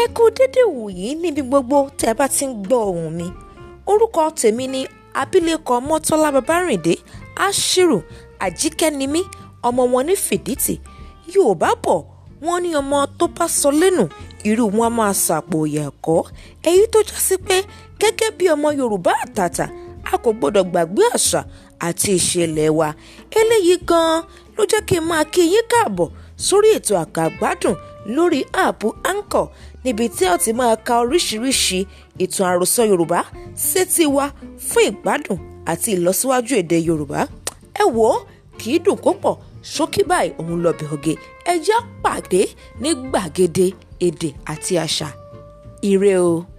ẹ kú dédé wòyí níbi gbogbo tẹ́ ẹ bá ti ń gbọ́ ohùn mi orúkọ tèmi ni abilékọ mọ́tọ́lá babárìndé àṣírù àjíkẹ́ ni mí ọmọ wọn ní fìdítì yorùbá bọ̀ wọ́n ní ọmọ tó bá sọ lẹ́nu irú wọn máa ṣàpò ìyàkọ́ èyí tó já sí pé gẹ́gẹ́ bí ọmọ yorùbá àtàtà a kò gbọ́dọ̀ gbàgbé àṣà àti ìṣẹ̀lẹ̀ wa eléyìí gan-an ló jẹ́ kí n máa kí yín káàbọ̀ sórí ètò àkàgbádùn lórí áàpù anchor níbi tí ó ti máa ka oríṣiríṣi ìtàn àròsọ yorùbá sétí wa fún ìgbádùn àti ìlọsíwájú èdè yorùbá ẹ wò ó kì í dùn kó pọ̀ ṣókí báyìí òun lọ bẹ̀ ọ̀gẹ̀ ẹjẹ́ pàdé ní gbàgede èdè àti àṣà ire o.